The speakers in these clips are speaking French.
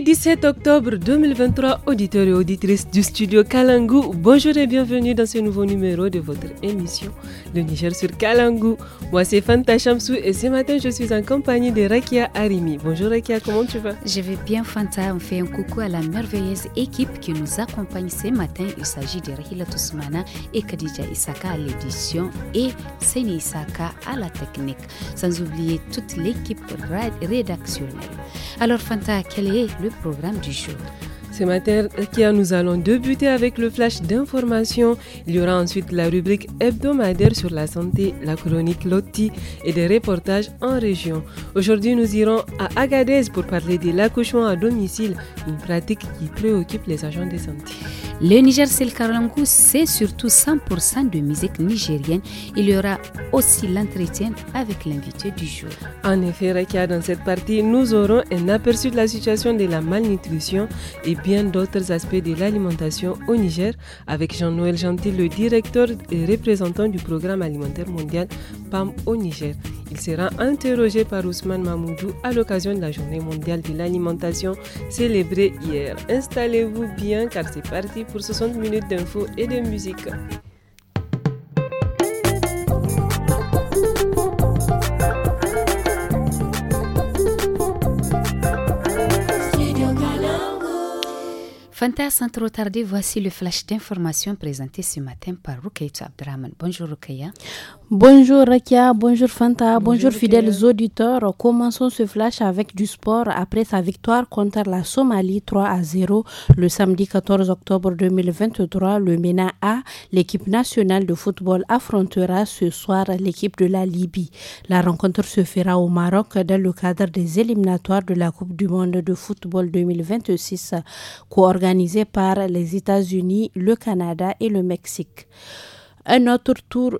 17 octobre 2023, auditeurs et auditrices du studio Kalangu, bonjour et bienvenue dans ce nouveau numéro de votre émission Niger sur Kalangu. Moi, c'est Fanta Chamsou et ce matin, je suis en compagnie de Rekia Arimi. Bonjour Rakia, comment tu vas Je vais bien Fanta. On fait un coucou à la merveilleuse équipe qui nous accompagne ce matin. Il s'agit de Rahila Tousmana et Khadija Isaka à l'édition et Seni Isaka à la technique. Sans oublier toute l'équipe rédactionnelle. Alors Fanta, quel est le programme du jour ce matin, nous allons débuter avec le flash d'information. Il y aura ensuite la rubrique hebdomadaire sur la santé, la chronique Lotti et des reportages en région. Aujourd'hui, nous irons à Agadez pour parler de l'accouchement à domicile, une pratique qui préoccupe les agents de santé. Le Niger Selkarankou, c'est surtout 100% de musique nigérienne. Il y aura aussi l'entretien avec l'invité du jour. En effet, dans cette partie, nous aurons un aperçu de la situation de la malnutrition et puis bien d'autres aspects de l'alimentation au Niger avec Jean-Noël Gentil, le directeur et représentant du programme alimentaire mondial PAM au Niger. Il sera interrogé par Ousmane Mamoudou à l'occasion de la journée mondiale de l'alimentation célébrée hier. Installez-vous bien car c'est parti pour 60 minutes d'infos et de musique. Fanta, sans trop tarder, voici le flash d'information présenté ce matin par Rukaita Abdraman. Bonjour Rukaya. Bonjour Rakia, bonjour Fanta, bonjour, fidèles auditeurs. Commençons ce flash avec du sport après sa victoire contre la Somalie 3 à 0 le samedi 14 octobre 2023. Le MENA A, l'équipe nationale de football, affrontera ce soir l'équipe de la Libye. La rencontre se fera au Maroc dans le cadre des éliminatoires de la Coupe du monde de football 2026 organisé par les États-Unis, le Canada et le Mexique. Un autre tour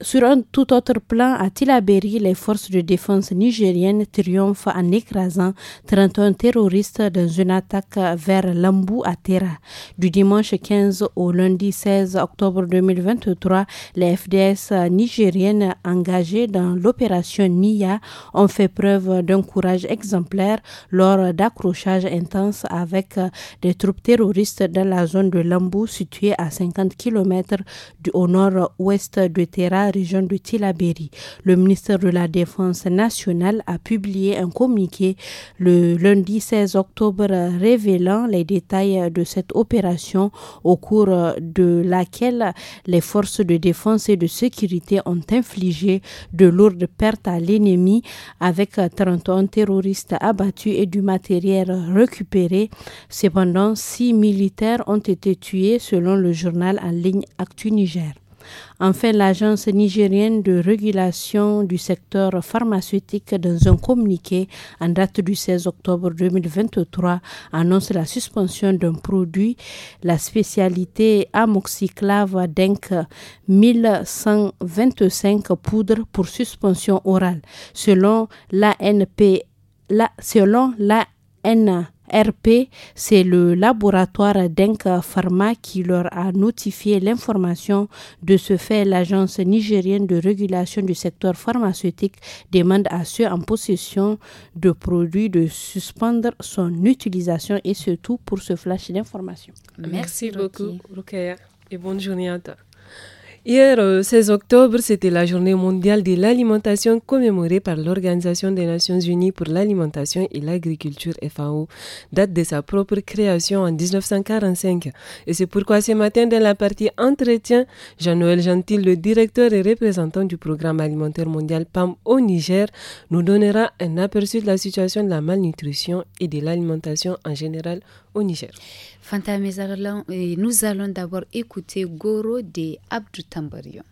sur un tout autre plan, à Tilaberi, les forces de défense nigériennes triomphent en écrasant 31 terroristes dans une attaque vers Lambou à Terra. Du dimanche 15 au lundi 16 octobre 2023, les FDS nigériennes engagées dans l'opération NIA ont fait preuve d'un courage exemplaire lors d'accrochages intenses avec des troupes terroristes dans la zone de Lambou située à 50 km au nord-ouest de Terra région de Tilaberi. Le ministre de la Défense nationale a publié un communiqué le lundi 16 octobre révélant les détails de cette opération au cours de laquelle les forces de défense et de sécurité ont infligé de lourdes pertes à l'ennemi avec 31 terroristes abattus et du matériel récupéré. Cependant, six militaires ont été tués selon le journal en ligne Actu Niger. Enfin, l'Agence nigérienne de régulation du secteur pharmaceutique, dans un communiqué en date du 16 octobre 2023, annonce la suspension d'un produit, la spécialité amoxiclave Denk 1125 poudres pour suspension orale, selon la selon l'ANP. RP, c'est le laboratoire d'Enka Pharma qui leur a notifié l'information. De ce fait, l'Agence nigérienne de régulation du secteur pharmaceutique demande à ceux en possession de produits de suspendre son utilisation et surtout pour ce flash d'informations. Merci, beaucoup, Rukaya et bonne journée à toi. Hier, 16 euh, octobre, c'était la journée mondiale de l'alimentation commémorée par l'Organisation des Nations Unies pour l'alimentation et l'agriculture FAO, date de sa propre création en 1945. Et c'est pourquoi ce matin, dans la partie entretien, Jean-Noël Gentil, le directeur et représentant du programme alimentaire mondial PAM au Niger, nous donnera un aperçu de la situation de la malnutrition et de l'alimentation en général au Niger. Fanta et nous allons d'abord écouter Goro de Abdou Tambarion.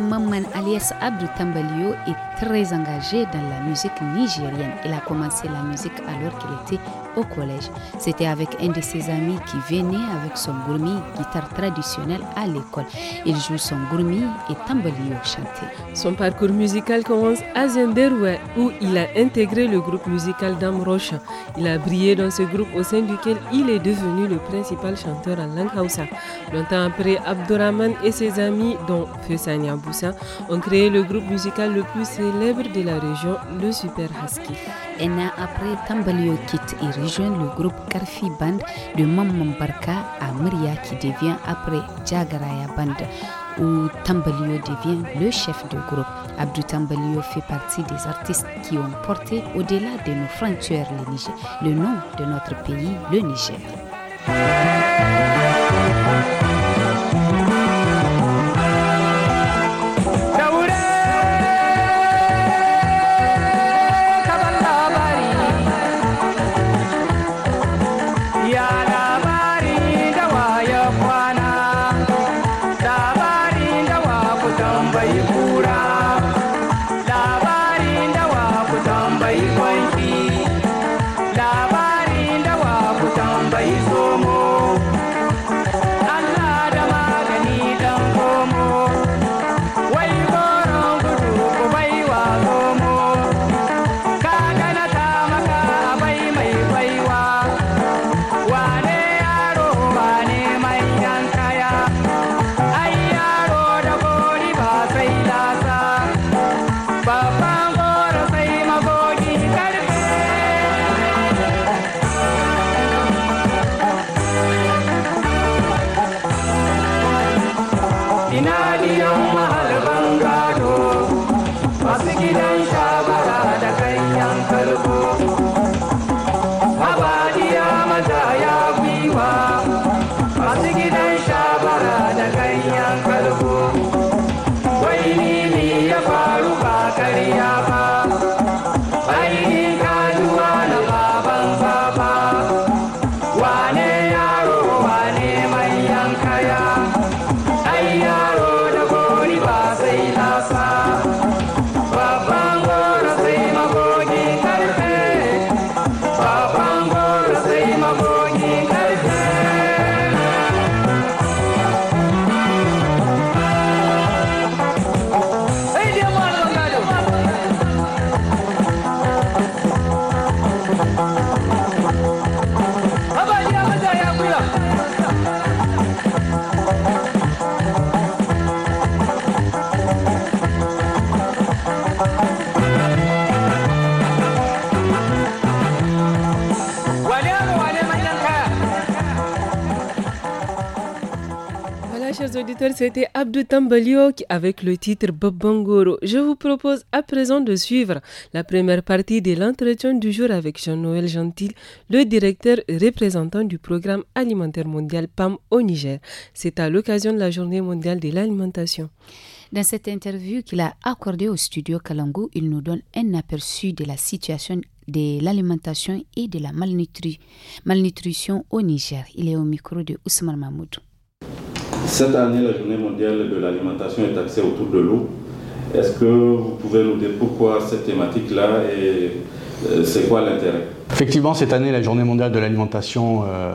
Maman alias Abdou Tambalio est très engagé dans la musique nigérienne. Il a commencé la musique alors qu'il était au collège. C'était avec un de ses amis qui venait avec son gourmi, guitare traditionnelle, à l'école. Il joue son gourmi et au chanté. Son parcours musical commence à Zenderwe, où il a intégré le groupe musical Dame Il a brillé dans ce groupe au sein duquel il est devenu le principal chanteur à langue Longtemps après, Abdourahman et ses amis, dont Fessania Boussa, ont créé le groupe musical le plus célèbre de la région, le Super Husky. Et an après, Tambalio quitte et rejoint le groupe Karfi Band de Mam Barka à Maria, qui devient après Jagaraya Band où Tambalio devient le chef de groupe. Abdou Tambalio fait partie des artistes qui ont porté au-delà de nos frontières le, Niger, le nom de notre pays, le Niger. c'était Abdou Tambaliok avec le titre Bob Bangoro. Je vous propose à présent de suivre la première partie de l'entretien du jour avec Jean-Noël Gentil, le directeur représentant du programme alimentaire mondial PAM au Niger. C'est à l'occasion de la journée mondiale de l'alimentation. Dans cette interview qu'il a accordée au studio Kalango, il nous donne un aperçu de la situation de l'alimentation et de la malnutrition au Niger. Il est au micro de Ousmane Mahmoud. Cette année, la journée mondiale de l'alimentation est axée autour de l'eau. Est-ce que vous pouvez nous dire pourquoi cette thématique-là et euh, c'est quoi l'intérêt Effectivement, cette année, la journée mondiale de l'alimentation euh,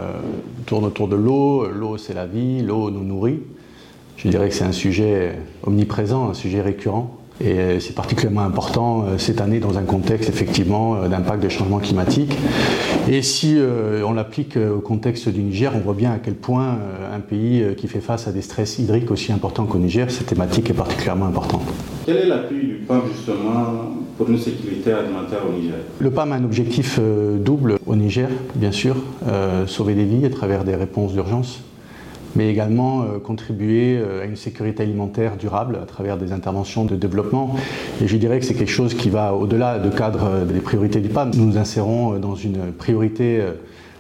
tourne autour de l'eau. L'eau, c'est la vie, l'eau nous nourrit. Je dirais que c'est un sujet omniprésent, un sujet récurrent et euh, c'est particulièrement important euh, cette année dans un contexte effectivement euh, d'impact des changements climatiques. Et si on l'applique au contexte du Niger, on voit bien à quel point un pays qui fait face à des stress hydriques aussi importants qu'au Niger, cette thématique est particulièrement importante. Quel est l'appui du PAM justement pour une sécurité alimentaire au Niger Le PAM a un objectif double au Niger, bien sûr, sauver des vies à travers des réponses d'urgence mais également euh, contribuer euh, à une sécurité alimentaire durable à travers des interventions de développement. Et je dirais que c'est quelque chose qui va au-delà du cadre euh, des priorités du PAM. Nous nous insérons dans une priorité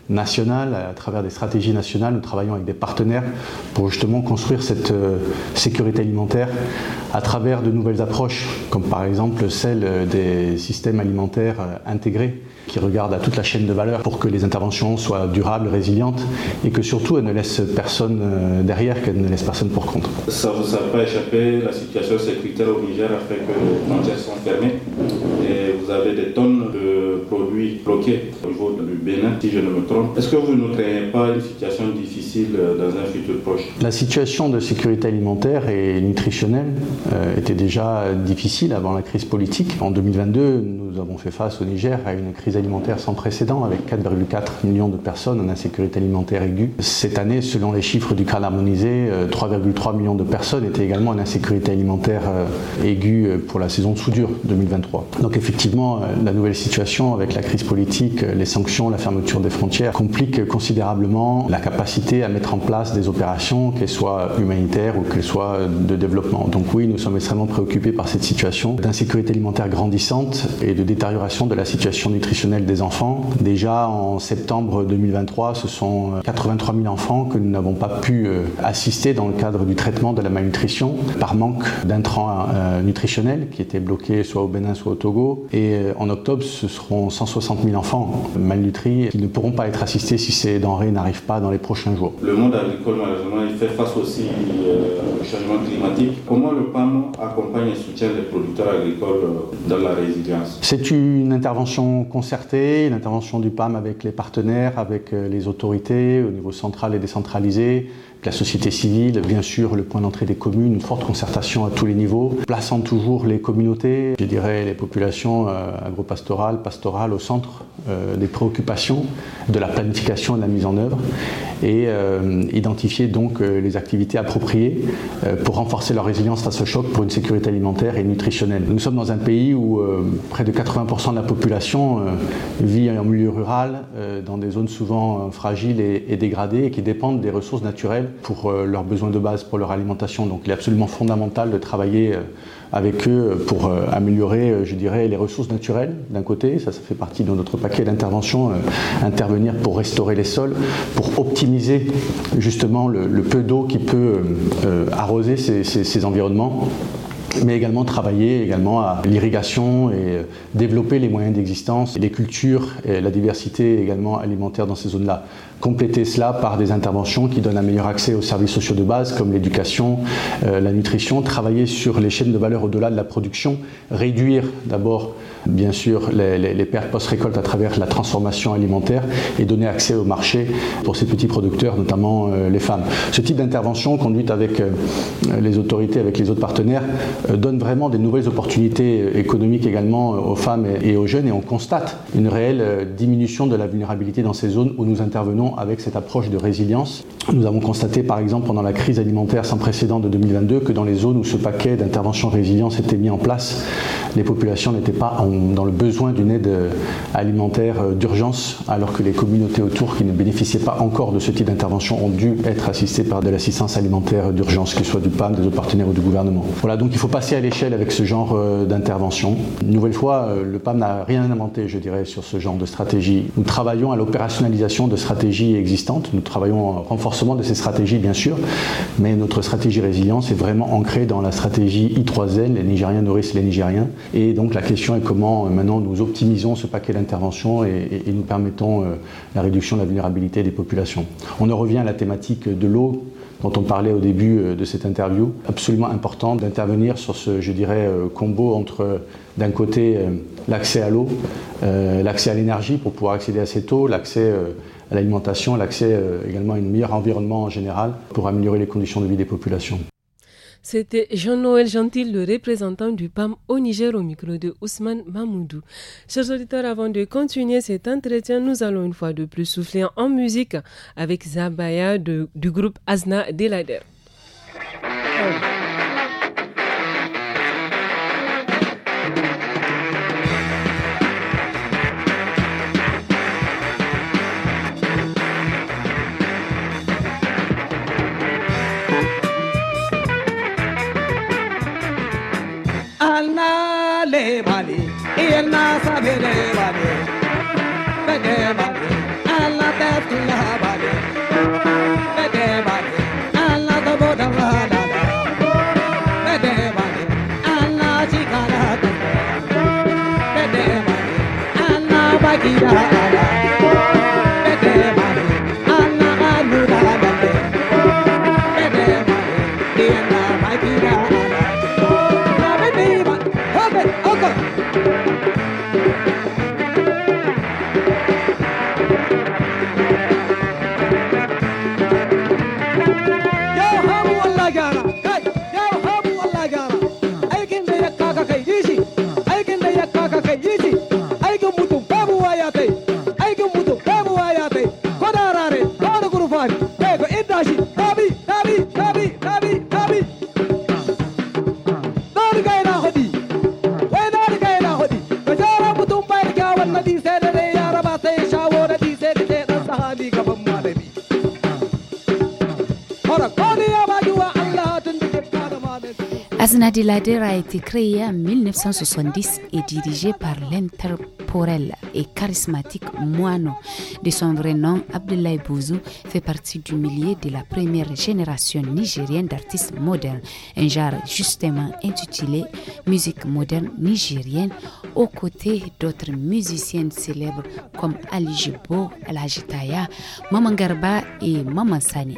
nationale, à travers des stratégies nationales, nous travaillons avec des partenaires pour justement construire cette sécurité alimentaire à travers de nouvelles approches, comme par exemple celle des systèmes alimentaires intégrés qui regarde à toute la chaîne de valeur pour que les interventions soient durables, résilientes et que surtout elles ne laissent personne euh, derrière, qu'elles ne laissent personne pour compte. Ça ne vous a pas échappé, la situation sécuritaire au Niger a fait que les frontières sont fermées et vous avez des tonnes de produits bloqué au niveau du Bénin, si je ne me trompe. Est-ce que vous ne craignez pas une situation difficile euh, dans un futur proche La situation de sécurité alimentaire et nutritionnelle euh, était déjà difficile avant la crise politique. En 2022, nous avons fait face au Niger à une crise alimentaire sans précédent avec 4,4 millions de personnes en insécurité alimentaire aiguë. Cette année, selon les chiffres du crâne harmonisé, 3,3 euh, millions de personnes étaient également en insécurité alimentaire aiguë pour la saison de soudure 2023. Donc effectivement, la nouvelle situation avec la crise politique, les sanctions, la fermeture des frontières compliquent considérablement la capacité à mettre en place des opérations, qu'elles soient humanitaires ou qu'elles soient de développement. Donc oui, nous sommes extrêmement préoccupés par cette situation d'insécurité alimentaire grandissante et de détérioration de la situation nutritionnelle des enfants. Déjà en septembre 2023, ce sont 83 000 enfants que nous n'avons pas pu euh, assister dans le cadre du traitement de la malnutrition par manque d'intrants euh, nutritionnels qui étaient bloqués soit au Bénin, soit au Togo. Et euh, en octobre, ce seront 160 60 000 enfants malnutris qui ne pourront pas être assistés si ces denrées n'arrivent pas dans les prochains jours. Le monde agricole, malheureusement, fait face aussi euh, au changement climatique. Comment le PAM accompagne et soutient les producteurs agricoles euh, dans la résilience C'est une intervention concertée, une intervention du PAM avec les partenaires, avec euh, les autorités au niveau central et décentralisé la société civile, bien sûr le point d'entrée des communes, une forte concertation à tous les niveaux, plaçant toujours les communautés, je dirais les populations euh, agropastorales, pastorales au centre euh, des préoccupations de la planification et de la mise en œuvre, et euh, identifier donc les activités appropriées pour renforcer leur résilience face au choc pour une sécurité alimentaire et nutritionnelle. Nous sommes dans un pays où près de 80% de la population vit en milieu rural, dans des zones souvent fragiles et, dégradées et qui dépendent des ressources naturelles pour euh, leurs besoins de base, pour leur alimentation. Donc il est absolument fondamental de travailler euh, avec eux pour euh, améliorer, je dirais, les ressources naturelles d'un côté, ça, ça fait partie de notre paquet d'interventions, intervenir pour restaurer les sols, pour optimiser justement le, peu d'eau qui peut arroser ces environnements mais également travailler également à l'irrigation et euh, développer les moyens d'existence, les cultures et la diversité également alimentaire dans ces zones-là. Compléter cela par des interventions qui donnent un meilleur accès aux services sociaux de base comme l'éducation, euh, la nutrition, travailler sur les chaînes de valeur au-delà de la production, réduire d'abord bien sûr les, pertes post-récolte à travers la transformation alimentaire et donner accès au marché pour ces petits producteurs, notamment euh, les femmes. Ce type d'intervention conduite avec euh, les autorités, avec les autres partenaires, euh, donne vraiment des nouvelles opportunités économiques également aux femmes et, et aux jeunes et on constate une réelle diminution de la vulnérabilité dans ces zones où nous intervenons avec cette approche de résilience. Nous avons constaté par exemple pendant la crise alimentaire sans précédent de 2022 que dans les zones où ce paquet d'intervention résilience était mis en place, les populations n'étaient pas en dans le besoin d'une aide euh, alimentaire euh, d'urgence, alors que les communautés autour qui ne bénéficiaient pas encore de ce type d'intervention ont dû être assistées par de l'assistance alimentaire d'urgence, que ce soit du PAM, des autres partenaires ou du gouvernement. Voilà, donc il faut passer à l'échelle avec ce genre euh, d'intervention. Une nouvelle fois, le PAM n'a rien inventé, je dirais, sur ce genre de stratégie. Nous travaillons à l'opérationnalisation de stratégies existantes, nous travaillons au renforcement de ces stratégies, bien sûr, mais notre stratégie résilience est vraiment ancrée dans la stratégie I3N, les Nigériens nourrissent les Nigériens, et donc la question est comment euh, maintenant nous optimisons ce paquet d'interventions et, nous permettons euh, la réduction de la vulnérabilité des populations. On en revient à la thématique de l'eau dont on parlait au début euh, de cette interview. Absolument important d'intervenir sur ce, je dirais, combo entre, d'un côté, l'accès à l'eau, l'accès à l'énergie pour pouvoir accéder à cette eau, l'accès à l'alimentation, l'accès également à un meilleur environnement en général pour améliorer les conditions de vie des populations. C'était Jean-Noël Gentil, le représentant du PAM au Niger au micro de Ousmane Mamoudou. Chers auditeurs, avant de continuer cet entretien, nous allons une fois de plus souffler en musique avec Zabaya du groupe Azna Delader. Yeah. Adelader a été créé en 1970 et dirigé par l'interporel et charismatique Moano. De son vrai nom, Abdoulaye Bouzou fait partie du milieu de la première génération nigérienne d'artistes modernes, un genre justement intitulé Musique moderne nigérienne, aux côtés d'autres musiciennes célèbres comme Ali Jibo, Alajitaya, Maman Garba et Maman Sani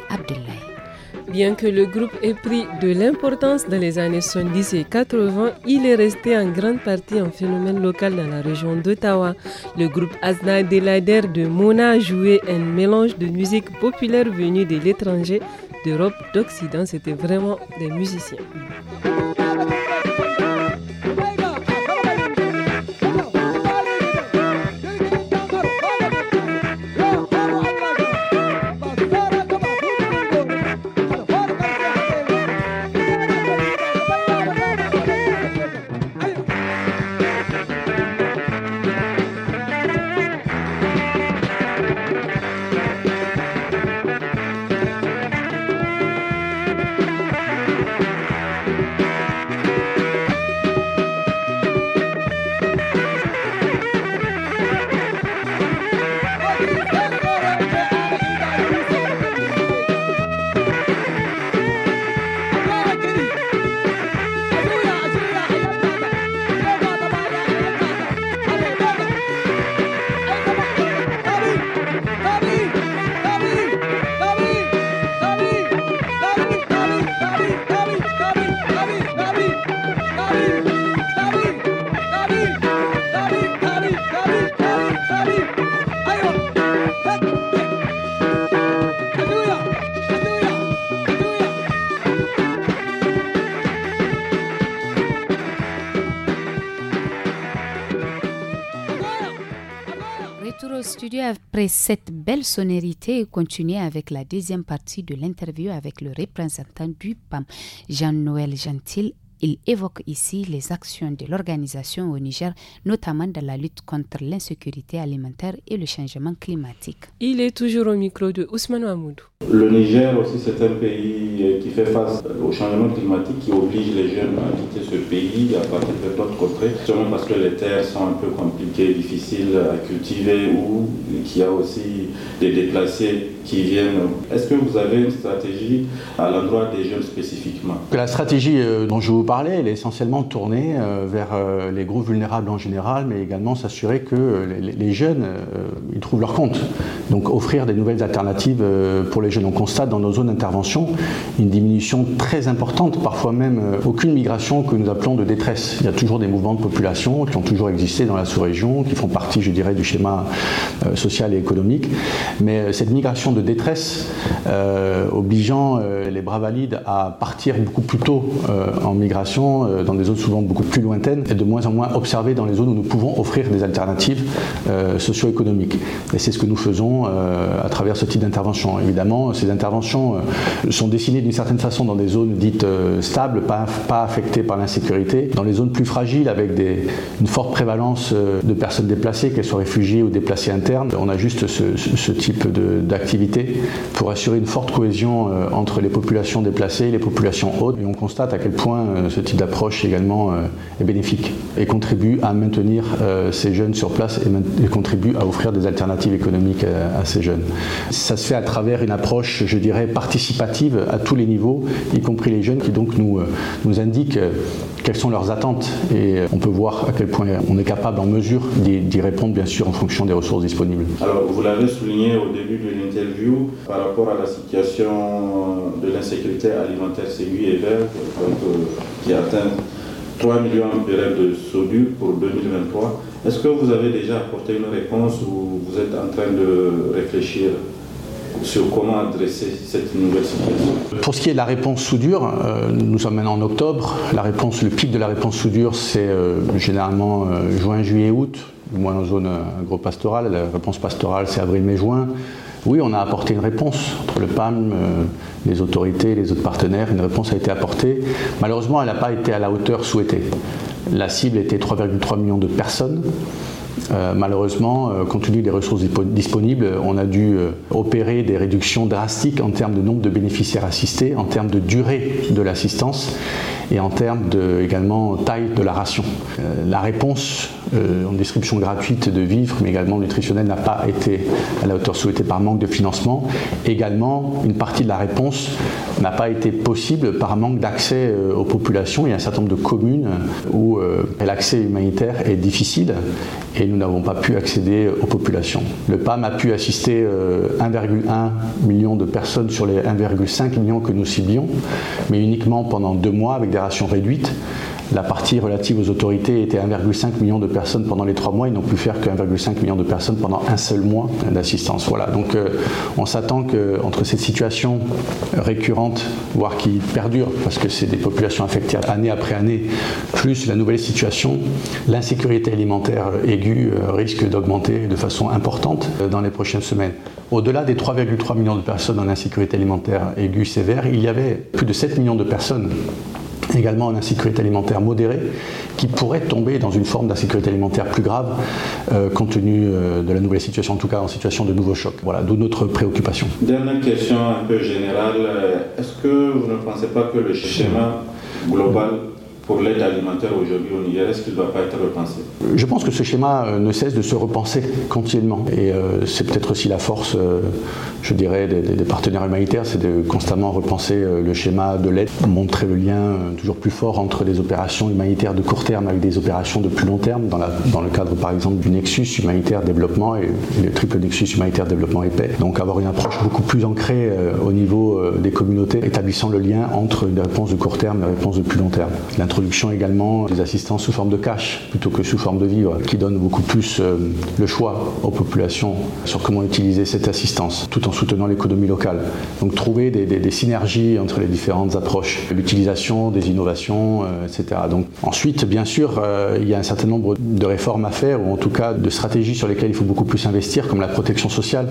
Bien que le groupe ait pris de l'importance dans les années 70 et 80, il est resté en grande partie un phénomène local dans la région d'Ottawa. Le groupe Azna Delader de Mona jouait un mélange de musique populaire venue de l'étranger, d'Europe, d'Occident. C'était vraiment des musiciens. après cette belle sonorité continuez avec la deuxième partie de l'interview avec le représentant du PAM, Jean-Noël Gentil, il évoque ici les actions de l'organisation au Niger, notamment dans la lutte contre l'insécurité alimentaire et le changement climatique. Il est toujours au micro de Ousmane Ouamoudou. Le Niger aussi, c'est un pays euh, qui fait face au changement climatique qui oblige les jeunes à quitter ce pays, à partir de d'autres contrées, seulement parce que les terres sont un peu compliquées, difficiles à cultiver ou qu'il y a aussi des déplacés qui viennent. Est-ce que vous avez une stratégie à l'endroit des jeunes spécifiquement La stratégie euh, dont je vous parle, elle est essentiellement tournée euh, vers euh, les groupes vulnérables en général, mais également s'assurer que euh, les, jeunes, ils trouvent leur compte. Donc offrir des nouvelles alternatives pour les jeunes. On constate dans nos zones d'intervention une diminution très importante, parfois même aucune migration que nous appelons de détresse. Il y a toujours des mouvements de population qui ont toujours existé dans la sous-région, qui font partie, je dirais, du schéma social et économique. Mais cette migration de détresse, obligeant les bras valides à partir beaucoup plus tôt en migration, euh, dans des zones souvent beaucoup plus lointaines et de moins en moins observées dans les zones où nous pouvons offrir des alternatives euh, socio-économiques. Et c'est ce que nous faisons euh, à travers ce type d'intervention. Évidemment, ces interventions sont dessinées d'une certaine façon dans des zones dites stables, pas, pas affectées par l'insécurité, dans les zones plus fragiles avec des, une forte prévalence de personnes déplacées, qu'elles soient réfugiées ou déplacées internes. On a juste ce, ce type d'activité pour assurer une forte cohésion entre les populations déplacées et les populations hautes. Et on constate à quel point euh, ce type d'approche également euh, est bénéfique et contribue à maintenir euh, ces jeunes sur place et, contribue à offrir des alternatives économiques à, ces jeunes. Ça se fait à travers une approche, je dirais, participative à tous les niveaux, y compris les jeunes qui donc nous, nous indiquent quelles sont leurs attentes et on peut voir à quel point on est capable, en mesure d'y répondre, bien sûr, en fonction des ressources disponibles. Alors, vous l'avez souligné au début de l'interview, par rapport à la situation de l'insécurité alimentaire lui et vert, euh, qui atteint 3 millions de de SODU pour 2023, est-ce que vous avez déjà apporté une réponse ou vous êtes en train de réfléchir sur comment adresser cette nouvelle situation. Pour ce qui est de la réponse soudure, euh, nous sommes maintenant en octobre. La réponse, le pic de la réponse soudure, c'est euh, généralement euh, juin, juillet, août, au moins en zone agro-pastorale. La réponse pastorale, c'est avril, mai, juin. Oui, on a apporté une réponse entre le PAM, les autorités, les autres partenaires. Une réponse a été apportée. Malheureusement, elle n'a pas été à la hauteur souhaitée. La cible était 3,3 millions de personnes. Euh, malheureusement, euh, compte tenu des ressources disponibles, on a dû euh, opérer des réductions drastiques en termes de nombre de bénéficiaires assistés, en termes de durée de l'assistance et en termes de, taille de la ration. la réponse euh, en description gratuite de vivres, mais également nutritionnelle, n'a pas été à la hauteur souhaitée par manque de financement. Également, une partie de la réponse n'a pas été possible par manque d'accès euh, aux populations. Il y a un certain nombre de communes euh, où l'accès humanitaire est difficile et nous n'avons pas pu accéder aux populations. Le PAM a pu assister 1,1 million de personnes sur les 1,5 million que nous ciblions, mais uniquement pendant deux mois avec des rations réduites. La partie relative aux autorités était 1,5 million de personnes pendant les trois mois. Ils n'ont pu faire que 1,5 million de personnes pendant un seul mois d'assistance. Voilà. Donc euh, on s'attend qu'entre cette situation récurrente, voire qui perdure, parce que c'est des populations affectées année après année, plus la nouvelle situation, l'insécurité alimentaire aiguë euh, risque d'augmenter de façon importante euh, dans les prochaines semaines. Au-delà des 3,3 millions de personnes en insécurité alimentaire aiguë sévère, il y avait plus de 7 millions de personnes également une insécurité alimentaire modérée qui pourrait tomber dans une forme d'insécurité alimentaire plus grave euh, compte tenu euh, de la nouvelle situation, en tout cas en situation de nouveau choc. Voilà, d'où notre préoccupation. Dernière question un peu générale, euh, est-ce que vous ne pensez pas que le schéma global pour l'aide alimentaire aujourd'hui au Niger, est-ce qu'il ne doit pas être repensé Je pense que ce schéma euh, ne cesse de se repenser continuellement. Et euh, c'est peut-être aussi la force, euh, je dirais, des, partenaires humanitaires, c'est de constamment repenser le schéma de l'aide, montrer le lien toujours plus fort entre les opérations humanitaires de court terme avec des opérations de plus long terme, dans, le cadre par exemple du nexus humanitaire développement et, le triple nexus humanitaire développement et paix. Donc avoir une approche beaucoup plus ancrée au niveau des communautés, établissant le lien entre une réponse de court terme et une réponse de plus long terme également des assistances sous forme de cash plutôt que sous forme de vivres, qui donne beaucoup plus euh, le choix aux populations sur comment utiliser cette assistance, tout en soutenant l'économie locale. Donc trouver des, synergies entre les différentes approches, l'utilisation des innovations, euh, etc. Donc ensuite, bien sûr, euh, il y a un certain nombre de réformes à faire, ou en tout cas de stratégies sur lesquelles il faut beaucoup plus investir, comme la protection sociale.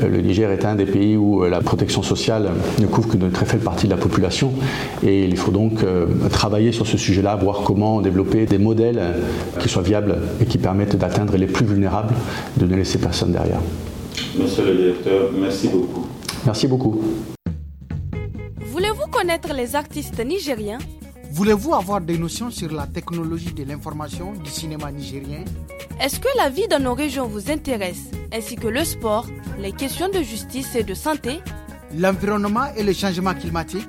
Le Niger est un des pays où la protection sociale ne couvre qu'une très faible partie de la population, et il faut donc travailler sur ce sujet sujet-là, voir comment développer des modèles euh, qui soient viables et qui permettent d'atteindre les plus vulnérables, de ne laisser personne derrière. Monsieur le directeur, merci beaucoup. Merci beaucoup. Voulez-vous connaître les artistes nigériens Voulez-vous avoir des notions sur la technologie de l'information du cinéma nigérien Est-ce que la vie dans nos régions vous intéresse, ainsi que le sport, les questions de justice et de santé L'environnement et le changement climatique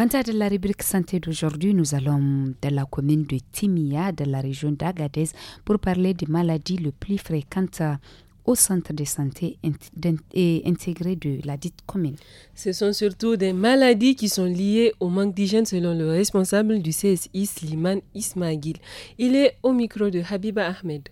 Quant de la rubrique santé d'aujourd'hui, nous allons dans la commune de Timia, de la région d'Agadez, pour parler des maladies les plus fréquentes au centre de santé et intégré de la dite commune. Ce sont surtout des maladies qui sont liées au manque d'hygiène selon le responsable du CSI Sliman Ismail. Il est au micro de Habiba Ahmed.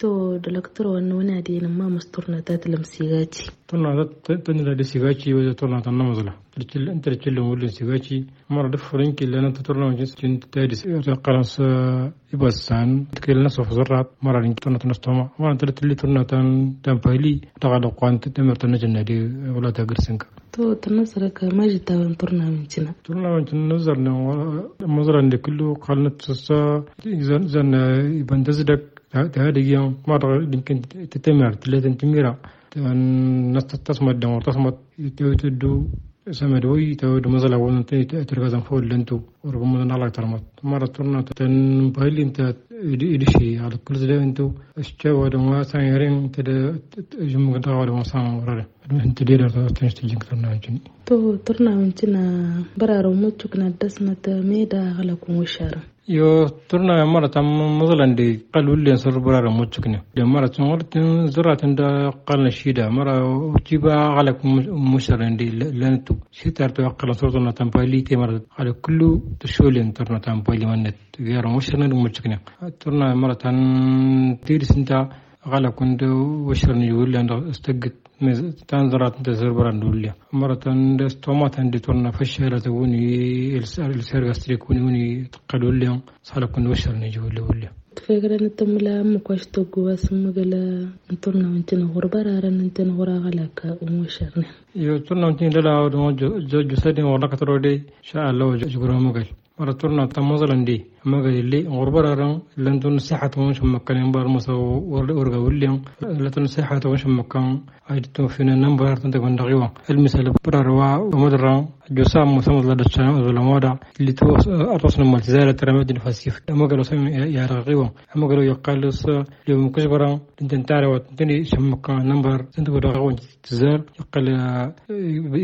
to da laktar wannan wani adilin ma musu turnata da lamsigaci. Turnata tana da sigaci wajen de na mazala. لتل انت لتل ولا سواكي مرة دفرينك اللي أنا تطلع جنس جنت تادس قرص آه، إبسان تكيل نصف زرعت مرة لينك تنا تنستمع مرة انت تلي تنا تن تنبايلي تغالى قوان تتمر تنجن دي آه، ولا سنك تو تنزرك ما جدا نطرنا من تنا طرنا من تنا نزرنا مزرعة اللي كله قالنا تسا إيه، زن زن يبان آه، تزدك هذا يوم مرة لينك تتمر ثلاثة تميرة نستثمر دمر تصمت يتوتدو سمدوي تود مزلا ون ترغزن فول لنتو وربما نالا ترمت مرة ترنا تن بهل انت يدشي على كل زلا انتو اشتا ودما سايرين تد جم غدا ودما سام ورده انت دير تنش تجيك ترنا جني تو ترنا منتنا برارو متكنا دسنا ميدا غلكم وشارم yo turna mara tam muzalande qalullen sur burara mucukne de mara tun wartin qalna shida mara tiba ala musharande lantu sitar to qala tampali te mara ala kullu tushulen turna tampali mannet yara musharande mucukne turna mara tan tirisinta ala washarni yulan da tanzarat da sirbaran dulia maratan da stomatan da torna fashara ta wuni ilsar gastrik wuni wuni qadulia salakun washar ne juli تفكر أن تملا مقاش توقوا سمع لا نتورنا ونتنا غربا رارا نتنا غرا غلاك ومشارنا يو تورنا ونتنا لا جو جو سدين ورقة رودي شاء الله جغرا مقال مرة تورنا تمزلن دي غربر غربرارا لن تنسحت وش مكان بار مسا ورغا وليم لن تنسحت وش مكان عيد توفينا نمبر تنتقن دغيوا المثال براروا ومدرا جسام مسمد لدى ولا الظلمودا اللي تو أرسنا ملتزالة رماد فاسيف أما قالوا سمع يا رغيوا أما قالوا يقالس يوم كشبرا كجبرا لنتن تاروا شم مكان نمبر تنتقو رغوا تزال يقال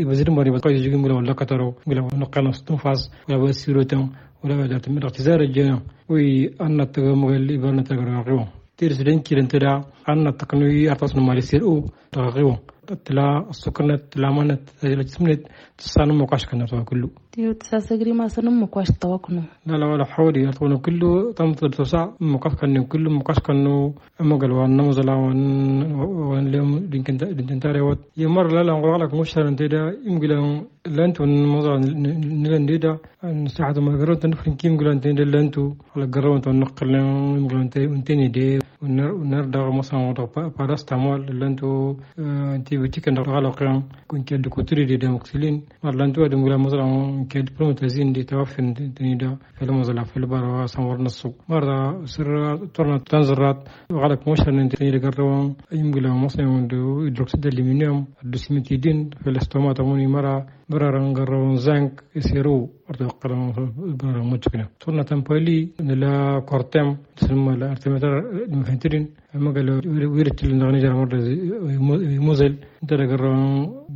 بزير مريم قايز جيم ولا ولا كترو ولا نقال نستنفاس ولا بسيروتم ولا جات من اعتزال الجنة وي أن تغمغ اللي بنا تغرغو تيرس دين كيرن تدا أن تقنوي أرتاس نمالي سيرو تغرغو تلا السكنة تلا مانت تلا جسمنت تسانو وقاش كنا كله تسع سجري ما سنم مكواش طواقنو لا لا ولا حوري يطون كله تمطر تسع مكاش كنو كله مكاش كنو اما قال وان نمزلا وان وان لهم دينكن دينكن تاري وات يمر لا لا غلق مش سرن تيدا يمقلهم لانتو نمزلا نلن ديدا ساعة ما قررت نفرن كيم قلن تيدا لانتو على قررت نقل يمقلن تيني دي ونر دغ مثلا ودغ باراستامول لانتو انتي بتيكن دغ غلق كنت دكتوري دي دمكسلين مر لانتو دمقلا مثلا كد بلون تزين دي توفن دا دنيدا فالموزلا فالبارا سنور السوق مرة سر تورنا تنزرات وغالك مشر ننتهي لقردوان يمقلا مصنع دو يدرك سد اللي منهم الدسمتي دين مرة برارن برارنگرونزنگ اسيرو ارتو قلم برار مجكنا تونا تمبالي نلا كورتم تسمى الارتمتر المفنترين اما قالوا ويرت لنغني جرى مرة موزل دار قرون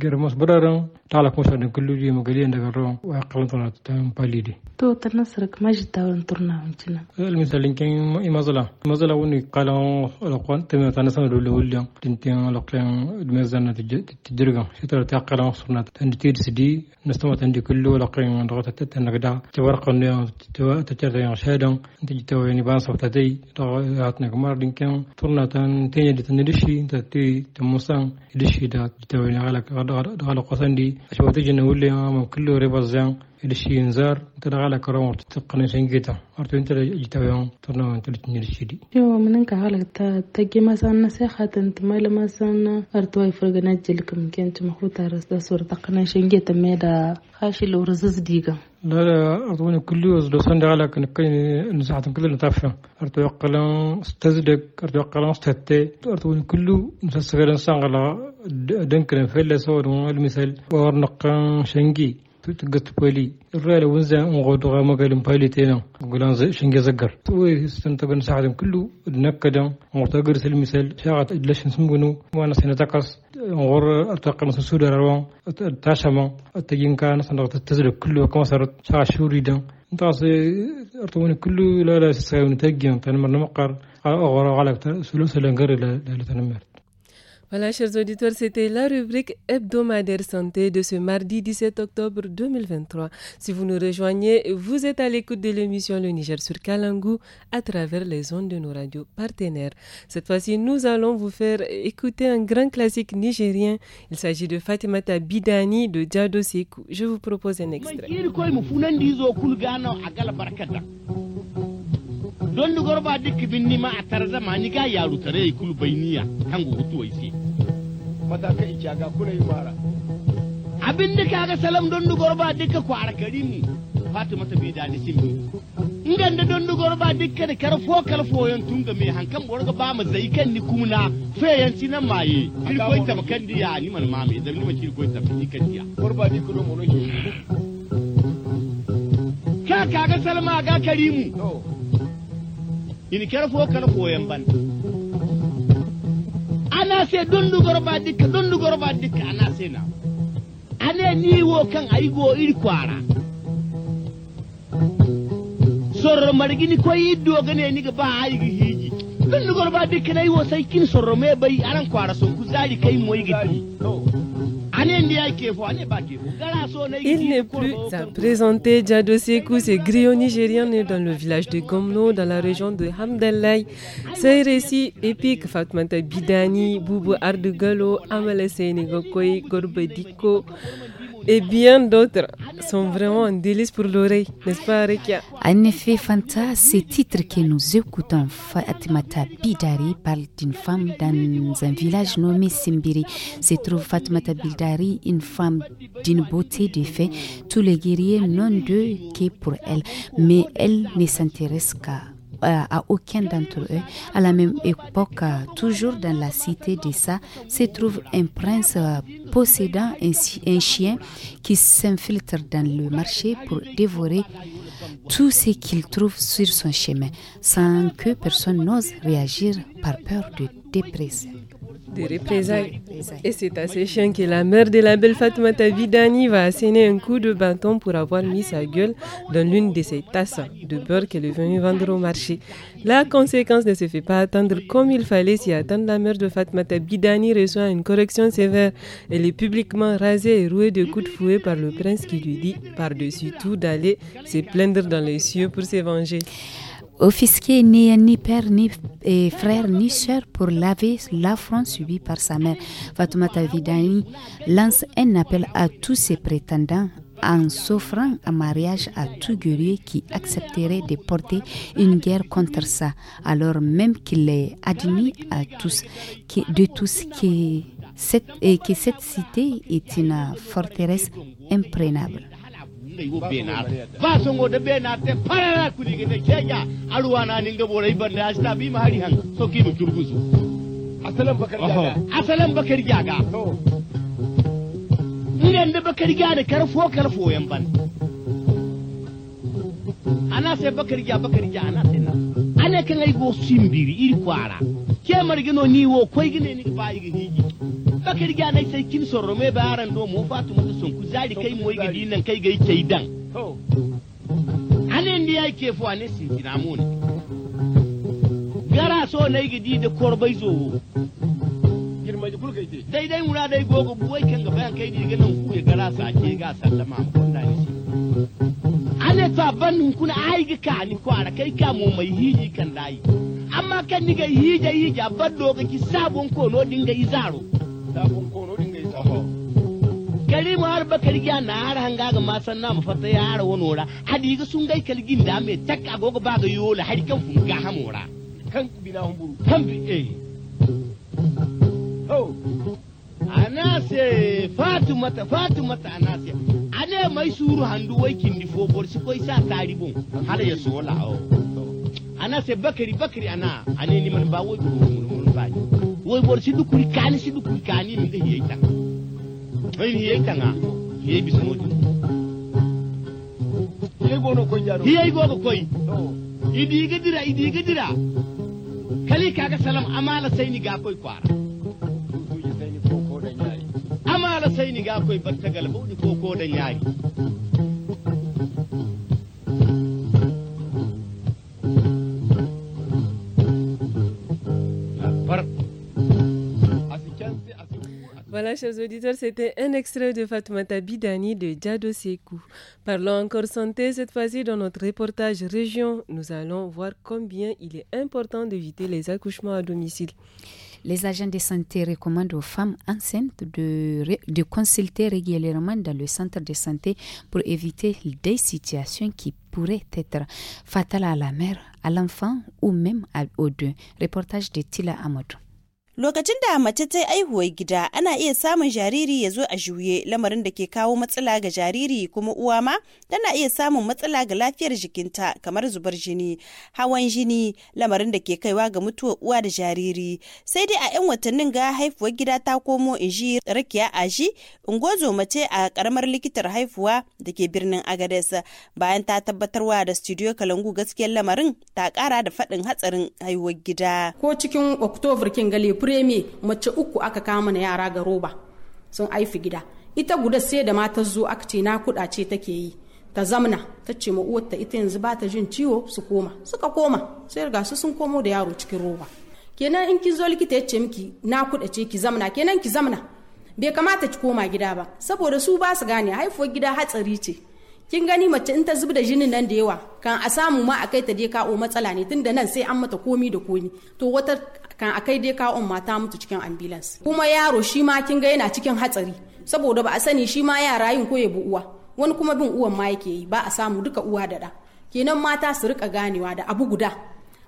قرموس برارن تعلق موسى ان كل جي مقالي عند قرون وقلم تونا تمبالي دي تو تنصرك مجد دور انطرنا ونتنا المثال كان مزلا مزلا وني قالوا لقوان تم تنصر لولي ولي تنتين لقلم المزانة تجرقا شتر تاقلا وصرنا تندتير سدي دي نستمت عندي كله لقي من رغت تت نقدا تورق انه تتر يعني شهدا انت جيت يعني بان صوت دي هاتنا كمار دين كان طرنا تان تاني دي تندشي انت تي تموسان دشي دا جيت يعني غلق غلق قصندي اشوف تجي نقول لي آه، كله ريبا زين ilshiinzaar intanaxala karamort taqanasengeta arto intala jitaweon tornawa intalitinirsidi yo minanka halag ta tagimasana sexatan timalamasana arto ay furgana jelkam kentu maxutaras dasur taqanasengeta meda hashil urzas diga لا أظن كل يوز لو صندق على كن كن نزحت كل نتافع أرتو قلم استزدك أرتو قلم استهتة أرتو كل نسخ غير نسخ على دنكرن فيلا صور المثال ورنق شنقي قلت بالي الرالي ونزع ونغود غاما قال بالي تينا قلان شنجا زقر توي استنتقن ساعدهم كله نكدا مرتقر المثال شاعت ادلاش نسمقنو وانا سنتقص غور اتوقع نص سودا روان تاشما اتجين كان صندوق التزرق كله كما صارت شاع شوري دا انتاس ارتوني كله لا لا سيسايون تاجين تنمر نمقر اغرى على سلوس لانقر لا تنمرت Voilà, chers auditeurs, c'était la rubrique hebdomadaire santé de ce mardi 17 octobre 2023. Si vous nous rejoignez, vous êtes à l'écoute de l'émission Le Niger sur Kalangu à travers les ondes de nos radios partenaires. Cette fois-ci, nous allons vous faire écouter un grand classique nigérien. Il s'agit de Fatimata Bidani de Djado Je vous propose un extrait. don du gorba dikki binni ma a tar zama ni ga yaru tare yi kulu bainiya kan go wai ce. mata ka ikiya ga kuna yi mara abin da ga salam don du gorba dikka ku arkari mu fatima ta bai dadi simmi ingan da don du gorba dikka da karfo kalfo yan tunga mai hankan borga ba mu zai kan ni kuna ci nan maye kirkoi makan diya ni man mai da ni ma kirkoi fi kan diya gorba dikka don mu no ka ga salma ga karimu ini kera fo kana koyen ban ana se dondu gorba dikka dondu gorba dikka ana se na ane ni wo kan ayi go iri kwara sorro margini koyi do gane ni ga ba yi hiji dondu gorba dikka nayi wo sai kin sorro me bai aran kwara son ku zari kai moyi gidi Il n'est plus à présenter Djadosekou, Sekou, ce griot nigérien né dans le village de Gomno, dans la région de Hamdallah. Ses récits épiques, Fatmata Bidani, Boubou Ardugalo, Amale Gorbe Diko, et bien d'autres sont vraiment un délice pour l'oreille, n'est-ce pas Rekia En effet, Fanta, ces titres que nous écoutons, Fatimata Bidari parle d'une femme dans un village nommé Simbiri. Se trouve Fatimata Bidari, une femme d'une beauté de fait. Tous les guerriers n'ont d'eux que pour elle, mais elle ne s'intéresse qu'à euh, à aucun d'entre eux. À la même époque, euh, toujours dans la cité d'Issa, se trouve un prince euh, possédant un, chien qui s'infiltre dans le marché pour dévorer tout ce qu'il trouve sur son chemin, sans que personne n'ose réagir par peur de dépression des représailles. Et c'est à ces chiens que la mère de la belle Fatma Bidani va asséner un coup de bâton pour avoir mis sa gueule dans l'une de ses tasses de beurre qu'elle est venue vendre au marché. La conséquence ne se fait pas attendre comme il fallait s'y attendre. La mère de Fatmata Bidani reçoit une correction sévère. Elle est publiquement rasée et rouée de coups de fouet par le prince qui lui dit par-dessus tout d'aller se plaindre dans les cieux pour se venger offisqué n'y ni père, ni frère, ni soeur pour laver l'affront subi par sa mère. Fatoumata Vidani lance un appel à tous ses prétendants en s'offrant un mariage à tout guerrier qui accepterait de porter une guerre contre ça, alors même qu'il est admis à tous, de tous que cette, que cette cité est une forteresse imprenable. ngai wo bena ba songo de bena te parara kuni gine keja aruwa na borai asta bi so ki mu bakar bakar da bakar jaga karfo karfo yan ban ana bakar bakar ana na ana kan ai go simbiri iri kwara ke ni wo koi gine ni ba yi gine bakar gana sai kim sorro me baran fatu sun ku zari kai nan kai dan fo ne sin kinamun gara so ne gidi da korbai zo dai dai mura dai gogo buwai kan gaba kai ne ga nan ku ya gara ga sallama ko na ni ane ta ban kuna ai ga ka ni kwara kai ka mu mai hiji kan layi. amma kan ni ga hije hije ban doka ki sabon kono dinga izaro kari mu har bakar giya na har hanga ga masan na mafata ya har wani wura hadi ga sun gai kalgin da mai tak agogo ba ga yola har kan fun ga hamura kan bina buru kan bi eh ho anase fatumata ta anase ane mai suru handu wai kindi fo bor koi sa taribun har ya sola o oh. anase bakari bakari ana ane ni man ba wo mun mun ba woy bor sindu kuri kani sindu kuri kani ni de hiyay tan ay hiyay tan a hiyay bismodi hiyay gono koy jaro hiyay gogo koy idi gadira idi gadira kali kaga salam amala sayni ga koy kwara amala sayni ga koy battagal bawdi ko ko da nyaari chers auditeurs, c'était un extrait de Fatoumata Bidani de Djado Sekou. Parlons encore santé, cette fois-ci dans notre reportage région. Nous allons voir combien il est important d'éviter les accouchements à domicile. Les agents de santé recommandent aux femmes enceintes de, de consulter régulièrement dans le centre de santé pour éviter des situations qui pourraient être fatales à la mère, à l'enfant ou même aux deux. Reportage de Tila Amadou. Lokacin da mace ta aihuwar gida ana iya samun jariri ya zo a juye lamarin da ke kawo matsala ga jariri kuma uwa ma tana iya samun matsala ga lafiyar jikinta kamar zubar jini, hawan jini lamarin da ke kaiwa ga mutuwar uwa da jariri. Sai dai a 'yan watannin ga haifuwar gida ta komo in ji rakiya aji ungozo mace a karamar likitar haifuwa da ke birnin Agades bayan ta tabbatarwa da studio Kalangu gaskiyar lamarin ta kara da faɗin hatsarin haihuwar gida. Ko cikin Oktobar kin ga me mace uku aka kama na yara ga roba sun aifi gida ita guda sai da matar zo aka ce na kuɗa ce take yi ta zamna ta ce ma uwarta ita yanzu ba ta jin ciwo su koma suka koma sai riga su sun komo da yaro cikin roba kenan in kin zo likita ya ce miki na kuɗa ce ki zamna kenan ki zamna bai kamata ki koma gida ba saboda su ba su gane haifuwar gida hatsari ce kin gani mace in ta zub da jinin nan da yawa kan a samu ma a kai ta je kawo matsala ne tunda nan sai an mata komi da komi to wata kan akai dai ka umma ta mutu cikin ambulance kuma yaro shi ma kin ga yana cikin hatsari saboda ba a sani shi ma yara yin ko yabi uwa wani kuma bin uwan ma yake yi ba a samu duka uwa da da kenan mata su rika ganewa da abu guda